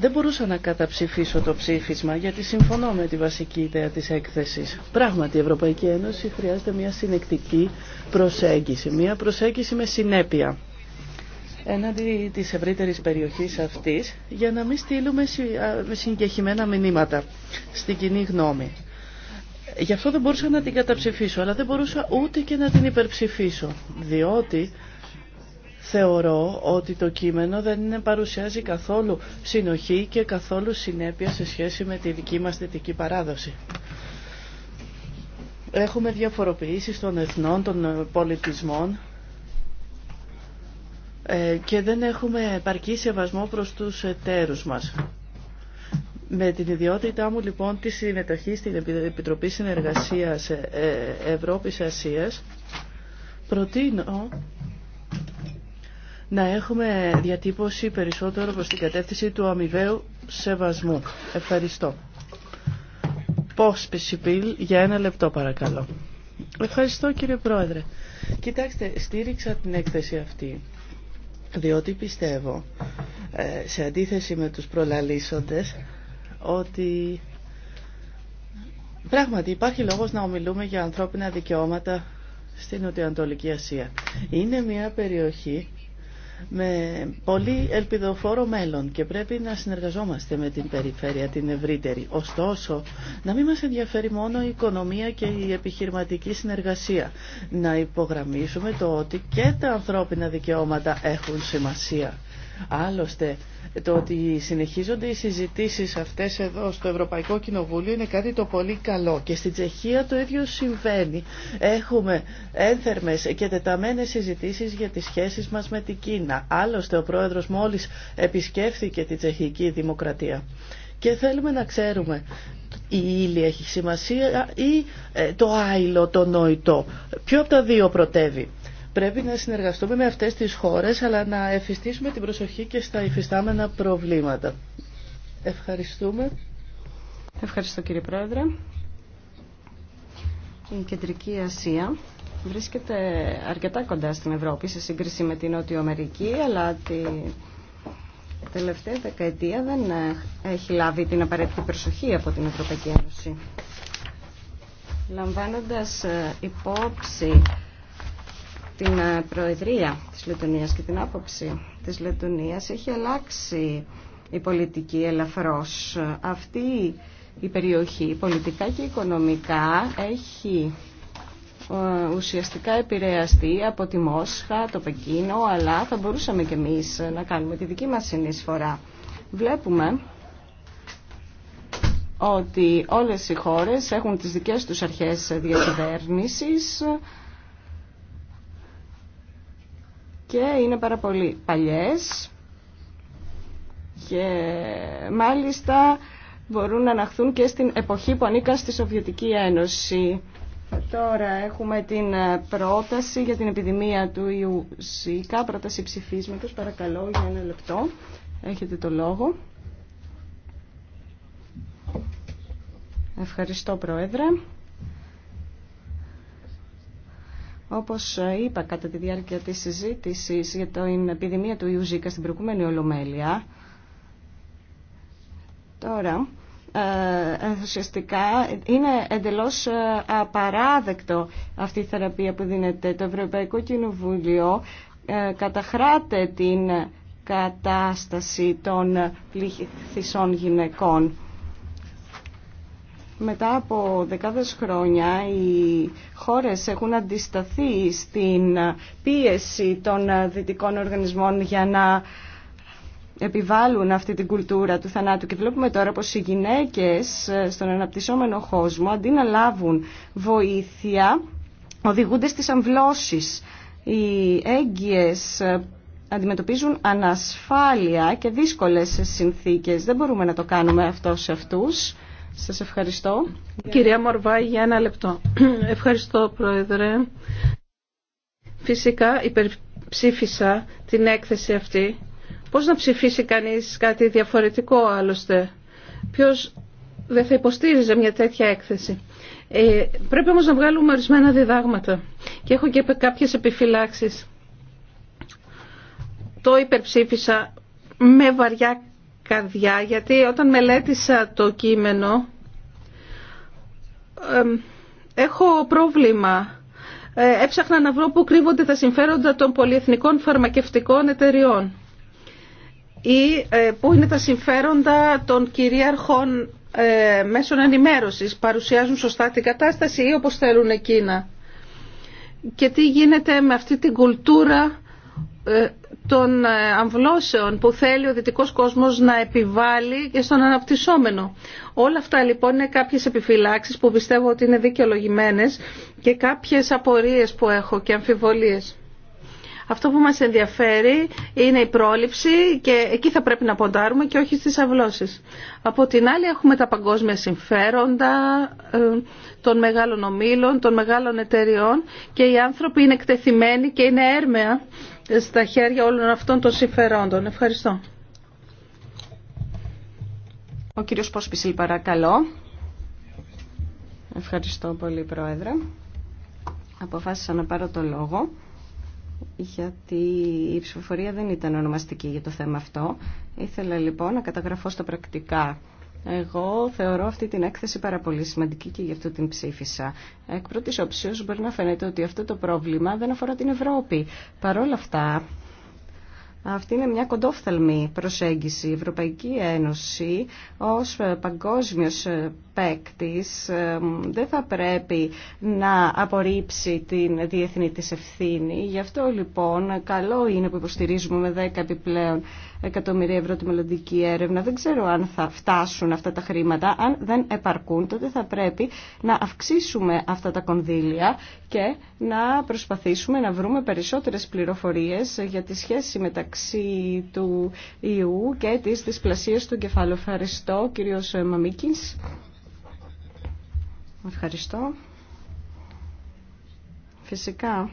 δεν μπορούσα να καταψηφίσω το ψήφισμα γιατί συμφωνώ με τη βασική ιδέα της έκθεσης. Πράγματι, η Ευρωπαϊκή Ένωση χρειάζεται μια συνεκτική προσέγγιση, μια προσέγγιση με συνέπεια έναντι της ευρύτερης περιοχής αυτής για να μην στείλουμε συγκεχημένα μηνύματα στην κοινή γνώμη. Γι' αυτό δεν μπορούσα να την καταψηφίσω, αλλά δεν μπορούσα ούτε και να την υπερψηφίσω, διότι θεωρώ ότι το κείμενο δεν παρουσιάζει καθόλου συνοχή και καθόλου συνέπεια σε σχέση με τη δική μας θετική παράδοση. Έχουμε διαφοροποιήσεις των εθνών, των ε, πολιτισμών ε, και δεν έχουμε επαρκή σεβασμό προς τους εταίρους μας. Με την ιδιότητά μου λοιπόν τη συμμετοχή στην Επιτροπή Συνεργασίας ε, Ευρώπης-Ασίας προτείνω να έχουμε διατύπωση περισσότερο προς την κατεύθυνση του αμοιβαίου σεβασμού. Ευχαριστώ. Πώς πισιπίλ για ένα λεπτό παρακαλώ. Ευχαριστώ κύριε Πρόεδρε. Κοιτάξτε, στήριξα την έκθεση αυτή διότι πιστεύω ε, σε αντίθεση με τους προλαλήσοντες ότι πράγματι υπάρχει λόγος να ομιλούμε για ανθρώπινα δικαιώματα στην Νοτιοανατολική Ασία. Είναι μια περιοχή με πολύ ελπιδοφόρο μέλλον και πρέπει να συνεργαζόμαστε με την περιφέρεια την ευρύτερη. Ωστόσο, να μην μας ενδιαφέρει μόνο η οικονομία και η επιχειρηματική συνεργασία. Να υπογραμμίσουμε το ότι και τα ανθρώπινα δικαιώματα έχουν σημασία. Άλλωστε, το ότι συνεχίζονται οι συζητήσεις αυτές εδώ στο Ευρωπαϊκό Κοινοβούλιο είναι κάτι το πολύ καλό και στην Τσεχία το ίδιο συμβαίνει. Έχουμε ένθερμες και τεταμένες συζητήσεις για τις σχέσεις μας με την Κίνα. Άλλωστε, ο Πρόεδρος μόλις επισκέφθηκε τη Τσεχική Δημοκρατία. Και θέλουμε να ξέρουμε η ύλη έχει σημασία ή ε, το άϊλο, το νοητό. Ποιο από τα δύο προτεύει. Πρέπει να συνεργαστούμε με αυτές τις χώρες, αλλά να εφιστήσουμε την προσοχή και στα υφιστάμενα προβλήματα. Ευχαριστούμε. Ευχαριστώ κύριε Πρόεδρε. Η Κεντρική Ασία βρίσκεται αρκετά κοντά στην Ευρώπη σε σύγκριση με την Νότιο Αμερική, αλλά τη τελευταία δεκαετία δεν έχει λάβει την απαραίτητη προσοχή από την Ευρωπαϊκή Ένωση. Λαμβάνοντας ε, υπόψη την ε, Προεδρία της Λετωνίας και την άποψη της Λετωνίας έχει αλλάξει η πολιτική ελαφρώς. Αυτή η περιοχή πολιτικά και οικονομικά έχει ε, ουσιαστικά επηρεαστεί από τη Μόσχα, το Πεκίνο, αλλά θα μπορούσαμε κι εμείς να κάνουμε τη δική μας συνεισφορά. Βλέπουμε ότι όλες οι χώρες έχουν τις δικές τους αρχές διακυβέρνησης και είναι πάρα πολύ παλιές και μάλιστα μπορούν να αναχθούν και στην εποχή που ανήκαν στη Σοβιετική Ένωση. Τώρα έχουμε την ε, πρόταση για την επιδημία του ιού πρόταση ψηφίσματος, παρακαλώ για ένα λεπτό. Έχετε το λόγο. Ευχαριστώ Πρόεδρε. Όπως είπα κατά τη διάρκεια της συζήτησης για την επιδημία του Ιουζίκα στην προηγούμενη Ολομέλεια, τώρα ε, ε, ουσιαστικά είναι εντελώς ε, απαράδεκτο αυτή η θεραπεία που δίνεται. Το Ευρωπαϊκό Κοινοβούλιο καταχράται την κατάσταση των πληθυσών γυναικών μετά από δεκάδες χρόνια οι χώρες έχουν αντισταθεί στην πίεση των δυτικών οργανισμών για να επιβάλλουν αυτή την κουλτούρα του θανάτου και βλέπουμε τώρα πως οι γυναίκες στον αναπτυσσόμενο κόσμο αντί να λάβουν βοήθεια οδηγούνται στις αμβλώσεις. Οι έγκυες αντιμετωπίζουν ανασφάλεια και δύσκολες συνθήκες. Δεν μπορούμε να το κάνουμε αυτό σε αυτούς. Σας ευχαριστώ. Κυρία Μορβάη, για ένα λεπτό. Ευχαριστώ, Πρόεδρε. Φυσικά υπερψήφισα την έκθεση αυτή. Πώς να ψηφίσει κανείς κάτι διαφορετικό άλλωστε. Ποιος δεν θα υποστήριζε μια τέτοια έκθεση. Ε, πρέπει όμως να βγάλουμε ορισμένα διδάγματα. Και έχω και κάποιες επιφυλάξεις. Το υπερψήφισα με βαριά καρδιά γιατί όταν μελέτησα το κείμενο έχω πρόβλημα. Ε, έψαχνα να βρω που κρύβονται τα συμφέροντα των πολυεθνικών φαρμακευτικών εταιριών ή ε, που είναι τα συμφέροντα των κυρίαρχων ε, μέσων ενημέρωσης. Παρουσιάζουν σωστά την κατάσταση ή όπως θέλουν εκείνα. Και τι γίνεται με αυτή την κουλτούρα ε, των ε, αμβλώσεων που θέλει ο δυτικός κόσμος να επιβάλλει και στον αναπτυσσόμενο. Όλα αυτά λοιπόν είναι κάποιες επιφυλάξεις που πιστεύω ότι είναι δικαιολογημένες και κάποιες απορίες που έχω και αμφιβολίες. Αυτό που μας ενδιαφέρει είναι η πρόληψη και εκεί θα πρέπει να ποντάρουμε και όχι στις αυλώσεις. Από την άλλη έχουμε τα παγκόσμια συμφέροντα ε, των μεγάλων ομίλων, των μεγάλων εταιριών και οι άνθρωποι είναι εκτεθειμένοι και είναι έρμεα στα χέρια όλων αυτών των συμφερόντων. Ευχαριστώ. Ο κύριος Πόσπισιλ παρακαλώ. Ευχαριστώ πολύ Πρόεδρε. Αποφάσισα να πάρω το λόγο γιατί η ψηφοφορία δεν ήταν ονομαστική για το θέμα αυτό. Ήθελα λοιπόν να καταγραφώ στα πρακτικά εγώ θεωρώ αυτή την έκθεση πάρα πολύ σημαντική και γι' αυτό την ψήφισα. Εκ πρώτη όψεω μπορεί να φαίνεται ότι αυτό το πρόβλημα δεν αφορά την Ευρώπη. Παρ' όλα αυτά, αυτή είναι μια κοντόφθαλμη προσέγγιση. Η Ευρωπαϊκή Ένωση ως παγκόσμιος δεν θα πρέπει να απορρίψει την διεθνή της ευθύνη. Γι' αυτό λοιπόν καλό είναι που υποστηρίζουμε με 10 επιπλέον εκατομμύρια ευρώ τη μελλοντική έρευνα. Δεν ξέρω αν θα φτάσουν αυτά τα χρήματα. Αν δεν επαρκούν, τότε θα πρέπει να αυξήσουμε αυτά τα κονδύλια και να προσπαθήσουμε να βρούμε περισσότερες πληροφορίες για τη σχέση μεταξύ του ιού και της δυσπλασίας του κεφάλου. Ευχαριστώ, κύριος Μαμίκης. Ευχαριστώ. Φυσικά,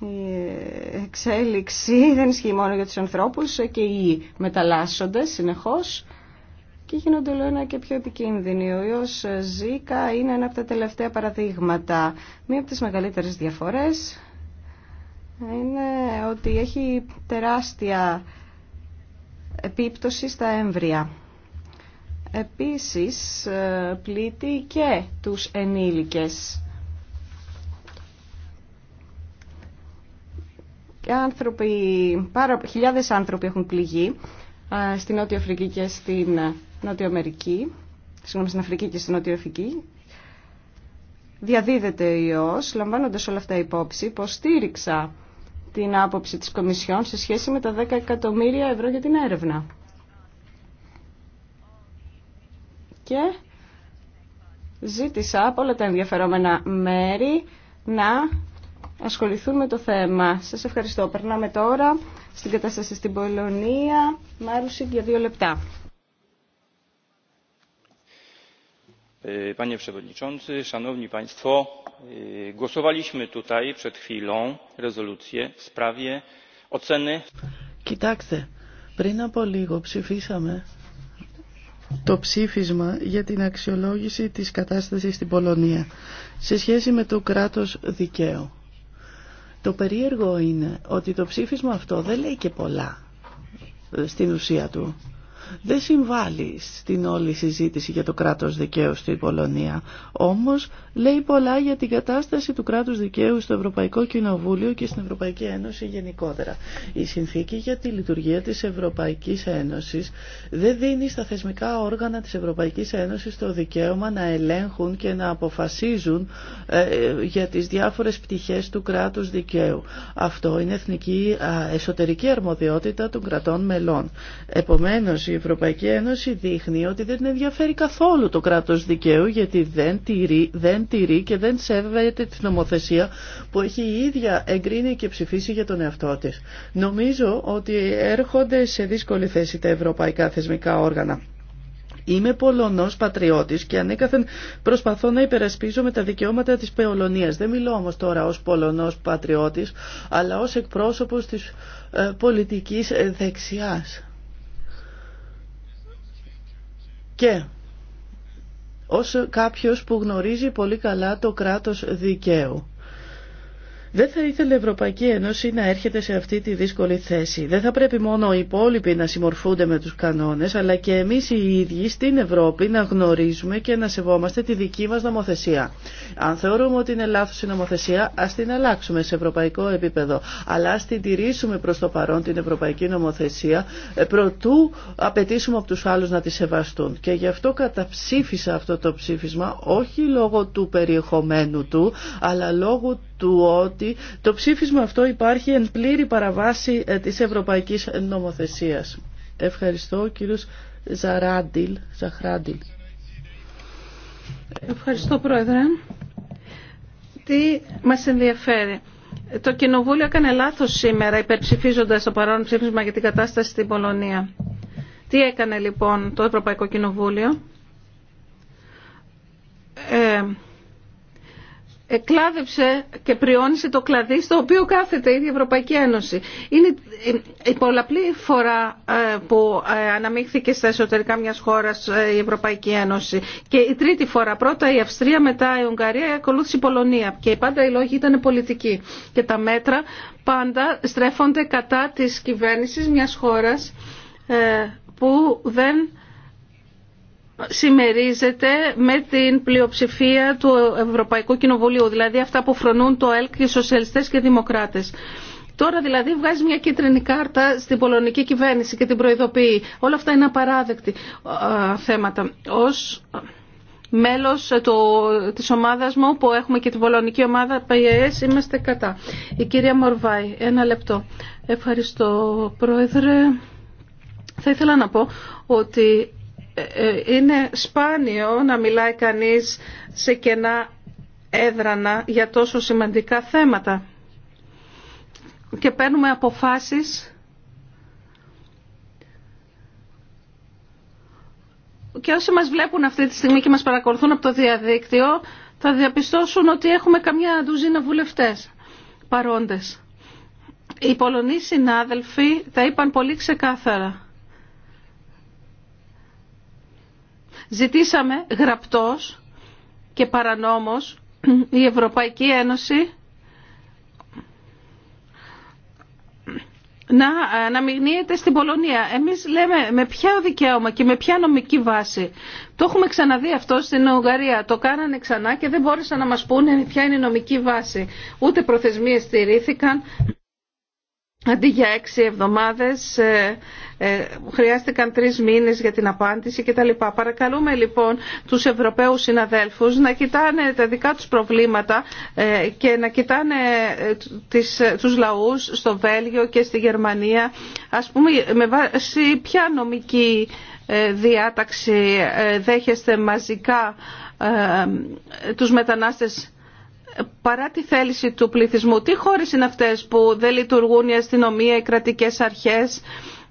η εξέλιξη δεν ισχύει μόνο για τους ανθρώπους και οι μεταλλάσσονται συνεχώς και γίνονται όλο ένα και πιο επικίνδυνοι. Ο ιός Ζήκα είναι ένα από τα τελευταία παραδείγματα. Μία από τις μεγαλύτερες διαφορές είναι ότι έχει τεράστια επίπτωση στα έμβρια επίσης ε, πλήττει και τους ενήλικες. Άνθρωποι, πάρα, χιλιάδες άνθρωποι έχουν πληγεί ε, στην Νότια Αφρική και στην Νότια Αμερική, συγγνώμη στην Αφρική και στην Νότια Αφρική. Διαδίδεται ιός, λαμβάνοντας όλα αυτά υπόψη, στήριξα την άποψη της Κομισιόν σε σχέση με τα 10 εκατομμύρια ευρώ για την έρευνα. και ζήτησα από όλα τα ενδιαφερόμενα μέρη να ασχοληθούν με το θέμα. Σας ευχαριστώ. Περνάμε τώρα στην κατάσταση στην Πολωνία. Μάρουση για δύο λεπτά. Panie Przewodniczący, Szanowni Państwo, głosowaliśmy tutaj przed chwilą rezolucję w sprawie oceny. Κοιτάξτε, πριν από λίγο το ψήφισμα για την αξιολόγηση της κατάστασης στην Πολωνία σε σχέση με το κράτος δικαίου. Το περίεργο είναι ότι το ψήφισμα αυτό δεν λέει και πολλά στην ουσία του δεν συμβάλλει στην όλη συζήτηση για το κράτος δικαίου στη Πολωνία. Όμως λέει πολλά για την κατάσταση του κράτους δικαίου στο Ευρωπαϊκό Κοινοβούλιο και στην Ευρωπαϊκή Ένωση γενικότερα. Η συνθήκη για τη λειτουργία της Ευρωπαϊκής Ένωσης δεν δίνει στα θεσμικά όργανα της Ευρωπαϊκής Ένωσης το δικαίωμα να ελέγχουν και να αποφασίζουν ε, για τις διάφορες πτυχές του κράτους δικαίου. Αυτό είναι εθνική εσωτερική αρμοδιότητα των κρατών μελών. Επομένως, Ευρωπαϊκή Ένωση δείχνει ότι δεν ενδιαφέρει καθόλου το κράτος δικαίου γιατί δεν τηρεί, δεν τηρεί και δεν σέβεται την νομοθεσία που έχει η ίδια εγκρίνει και ψηφίσει για τον εαυτό της. Νομίζω ότι έρχονται σε δύσκολη θέση τα ευρωπαϊκά θεσμικά όργανα. Είμαι Πολωνός πατριώτης και ανέκαθεν προσπαθώ να με τα δικαιώματα της Πεολονία. Δεν μιλώ όμως τώρα ως Πολωνός πατριώτης, αλλά ως εκπρόσωπος της ε, πολιτικής ε, δεξιάς. και ως κάποιος που γνωρίζει πολύ καλά το κράτος δικαίου. Δεν θα ήθελε η Ευρωπαϊκή Ένωση να έρχεται σε αυτή τη δύσκολη θέση. Δεν θα πρέπει μόνο οι υπόλοιποι να συμμορφούνται με τους κανόνες, αλλά και εμείς οι ίδιοι στην Ευρώπη να γνωρίζουμε και να σεβόμαστε τη δική μας νομοθεσία. Αν θεωρούμε ότι είναι λάθος η νομοθεσία, ας την αλλάξουμε σε ευρωπαϊκό επίπεδο. Αλλά ας την τηρήσουμε προς το παρόν την ευρωπαϊκή νομοθεσία, ε, προτού απαιτήσουμε από τους άλλους να τη σεβαστούν. Και γι' αυτό καταψήφισα αυτό το ψήφισμα, όχι λόγω του περιεχομένου του, αλλά λόγω του ότι το ψήφισμα αυτό υπάρχει εν πλήρη παραβάση ε, της ευρωπαϊκής νομοθεσίας. Ευχαριστώ κύριος Ζαράντιλ. Ζαχράντιλ. Ευχαριστώ Πρόεδρε. Τι μας ενδιαφέρει. Το Κοινοβούλιο έκανε λάθος σήμερα υπερψηφίζοντας το παρόν ψήφισμα για την κατάσταση στην Πολωνία. Τι έκανε λοιπόν το Ευρωπαϊκό Κοινοβούλιο. Ε, κλάδεψε και πριώνησε το κλαδί στο οποίο κάθεται η Ευρωπαϊκή Ένωση. Είναι η πολλαπλή φορά ε, που ε, αναμίχθηκε στα εσωτερικά μιας χώρας ε, η Ευρωπαϊκή Ένωση και η τρίτη φορά πρώτα η Αυστρία, μετά η Ουγγαρία, ακολούθησε η Πολωνία και πάντα οι λόγοι ήταν πολιτικοί και τα μέτρα πάντα στρέφονται κατά της κυβέρνησης μιας χώρας που δεν συμμερίζεται με την πλειοψηφία του Ευρωπαϊκού Κοινοβουλίου, δηλαδή αυτά που φρονούν το ΕΛΚ και οι σοσιαλιστές και δημοκράτες. Τώρα δηλαδή βγάζει μια κίτρινη κάρτα στην πολωνική κυβέρνηση και την προειδοποιεί. Όλα αυτά είναι απαράδεκτη θέματα. Ως μέλος του, της ομάδας μου που έχουμε και την πολωνική ομάδα είμαστε κατά. Η κυρία Μορβάη, ένα λεπτό. Ευχαριστώ πρόεδρε. Θα ήθελα να πω ότι είναι σπάνιο να μιλάει κανείς σε κενά έδρανα για τόσο σημαντικά θέματα. Και παίρνουμε αποφάσεις και όσοι μας βλέπουν αυτή τη στιγμή και μας παρακολουθούν από το διαδίκτυο θα διαπιστώσουν ότι έχουμε καμιά ντουζίνα βουλευτές παρόντες. Οι Πολωνοί συνάδελφοι τα είπαν πολύ ξεκάθαρα. Ζητήσαμε γραπτός και παρανόμως η Ευρωπαϊκή Ένωση να αναμειγνύεται στην Πολωνία. Εμείς λέμε με ποια δικαίωμα και με ποια νομική βάση. Το έχουμε ξαναδεί αυτό στην Ουγγαρία. Το κάνανε ξανά και δεν μπόρεσαν να μας πούνε ποια είναι η νομική βάση. Ούτε προθεσμίες στηρίθηκαν, Αντί για έξι εβδομάδες ε, ε, χρειάστηκαν τρεις μήνες για την απάντηση κτλ. Παρακαλούμε λοιπόν τους Ευρωπαίους συναδέλφους να κοιτάνε τα δικά τους προβλήματα ε, και να κοιτάνε τις, τους λαούς στο Βέλγιο και στη Γερμανία. Ας πούμε με βάση ποια νομική διάταξη δέχεστε μαζικά τους μετανάστες παρά τη θέληση του πληθυσμού. Τι χώρες είναι αυτές που δεν λειτουργούν η αστυνομία, οι κρατικές αρχές,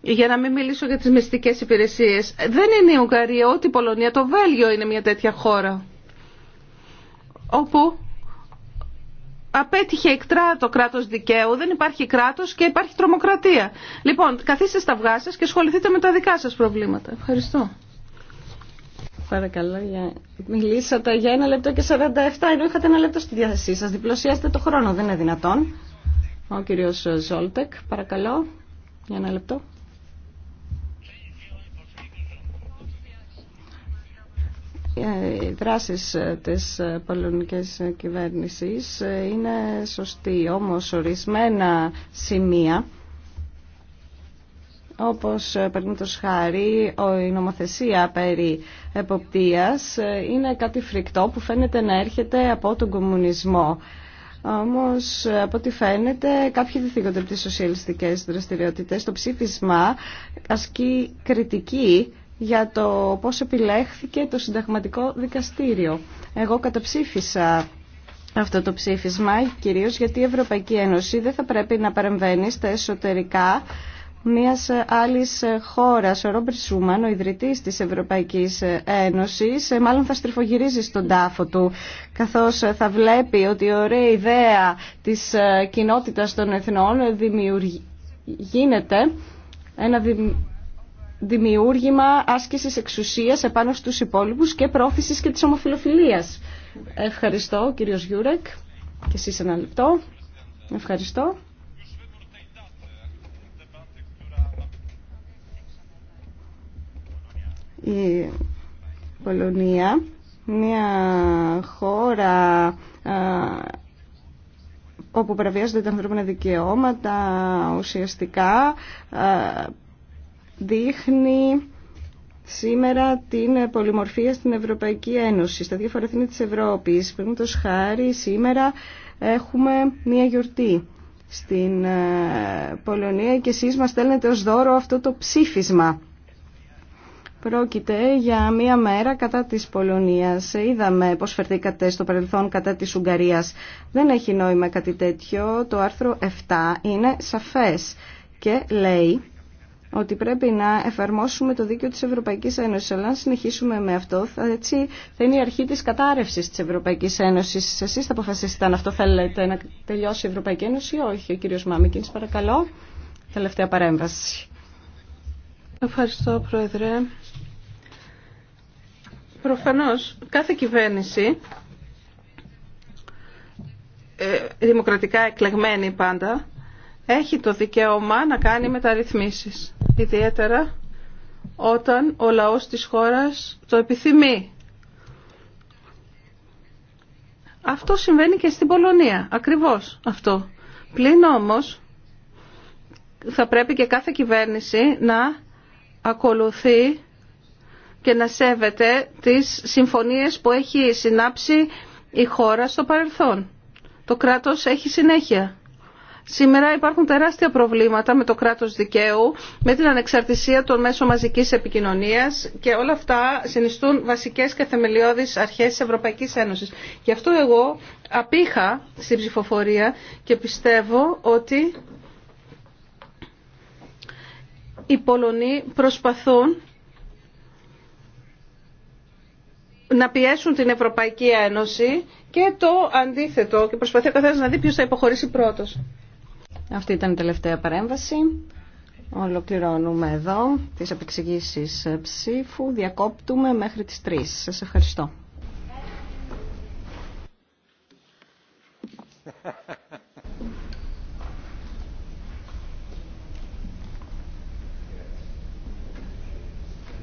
για να μην μιλήσω για τις μυστικές υπηρεσίες. Δεν είναι η Ουγγαρία, ούτε η Πολωνία, το Βέλγιο είναι μια τέτοια χώρα. Όπου απέτυχε εκτρά το κράτος δικαίου, δεν υπάρχει κράτος και υπάρχει τρομοκρατία. Λοιπόν, καθίστε στα αυγά σας και ασχοληθείτε με τα δικά σας προβλήματα. Ευχαριστώ. Παρακαλώ, για... μιλήσατε για ένα λεπτό και 47, ενώ είχατε ένα λεπτό στη διάθεσή σας. Διπλωσιάστε το χρόνο, δεν είναι δυνατόν. Ο κύριος Ζόλτεκ, παρακαλώ, για ένα λεπτό. Ε, οι δράσεις της πολωνικής κυβέρνησης είναι σωστή, όμως ορισμένα σημεία όπως ε, το χάρη η νομοθεσία περί εποπτείας ε, είναι κάτι φρικτό που φαίνεται να έρχεται από τον κομμουνισμό. Όμως, ε, από ό,τι φαίνεται, κάποιοι διθήκονται από τις σοσιαλιστικές δραστηριότητες. Το ψήφισμα ασκεί κριτική για το πώς επιλέχθηκε το συνταγματικό δικαστήριο. Εγώ καταψήφισα αυτό το ψήφισμα, κυρίως γιατί η Ευρωπαϊκή Ένωση δεν θα πρέπει να παρεμβαίνει στα εσωτερικά μιας άλλης χώρας. Ο Ρόμπερ Σούμαν, ο ιδρυτής της Ευρωπαϊκής Ένωσης, μάλλον θα στριφογυρίζει στον τάφο του, καθώς θα βλέπει ότι η ωραία ιδέα της κοινότητας των εθνών γίνεται ένα δημιούργημα άσκησης εξουσίας επάνω στους υπόλοιπους και πρόθεσης και της ομοφιλοφιλίας. Ευχαριστώ κύριος Γιούρεκ και εσείς ένα λεπτό. Ευχαριστώ. η Πολωνία, μια χώρα όπου παραβιάζονται τα ανθρώπινα δικαιώματα, ουσιαστικά δείχνει σήμερα την πολυμορφία στην Ευρωπαϊκή Ένωση, στα διάφορα εθνή της Ευρώπης. το χάρη, σήμερα έχουμε μία γιορτή στην ε, Πολωνία και εσείς μας στέλνετε ως δώρο αυτό το ψήφισμα. Πρόκειται για μία μέρα κατά της Πολωνίας. Είδαμε πώς φερθήκατε στο παρελθόν κατά της Ουγγαρίας. Δεν έχει νόημα κάτι τέτοιο. Το άρθρο 7 είναι σαφές και λέει ότι πρέπει να εφαρμόσουμε το δίκαιο της Ευρωπαϊκής Ένωσης. Αλλά αν συνεχίσουμε με αυτό, θα, έτσι, θα είναι η αρχή της κατάρρευσης της Ευρωπαϊκής Ένωσης. Εσείς θα αποφασίσετε αν αυτό θέλετε να τελειώσει η Ευρωπαϊκή Ένωση ή όχι. Ο κύριος Μάμικινς, παρακαλώ. Τελευταία παρέμβαση. Ευχαριστώ, Πρόεδρε. Προφανώς, κάθε κυβέρνηση, ε, δημοκρατικά εκλεγμένη πάντα, έχει το δικαίωμα να κάνει μεταρρυθμίσεις. Ιδιαίτερα όταν ο λαός της χώρας το επιθυμεί. Αυτό συμβαίνει και στην Πολωνία. Ακριβώς αυτό. Πλην όμως θα πρέπει και κάθε κυβέρνηση να ακολουθεί και να σέβεται τις συμφωνίες που έχει συνάψει η χώρα στο παρελθόν. Το κράτος έχει συνέχεια. Σήμερα υπάρχουν τεράστια προβλήματα με το κράτος δικαίου, με την ανεξαρτησία των μέσων μαζικής επικοινωνίας και όλα αυτά συνιστούν βασικές και θεμελιώδεις αρχές της Ευρωπαϊκής Ένωσης. Γι' αυτό εγώ απήχα στην ψηφοφορία και πιστεύω ότι οι Πολωνοί προσπαθούν να πιέσουν την Ευρωπαϊκή Ένωση και το αντίθετο και προσπαθεί ο καθένας να δει ποιος θα υποχωρήσει πρώτος. Αυτή ήταν η τελευταία παρέμβαση. Ολοκληρώνουμε εδώ τις επεξηγήσεις ψήφου. Διακόπτουμε μέχρι τις 3. Σας ευχαριστώ.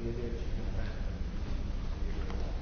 για